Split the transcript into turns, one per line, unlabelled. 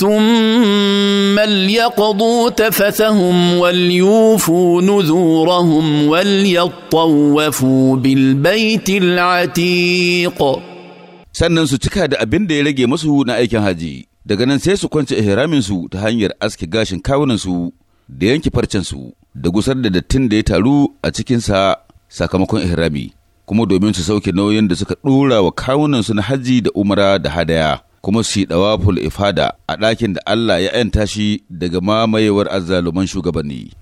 ثم ليقضوا تفثهم وليوفوا نذورهم وليطوفوا بالبيت
العتيق sannan su cika da abin da ya rage masu na aikin haji daga nan sai su kwance su ta hanyar aske gashin kawunansu da yanke farcensu da gusar da dattin da ya taru a cikinsa sakamakon ihrami kuma domin su sauke nauyin da suka ɗora wa kawunansu na haji da umara da hadaya kuma su yi ɗawaful ifada a ɗakin da Allah ya ‘yanta shi daga mamayewar azzaluman shugabanni.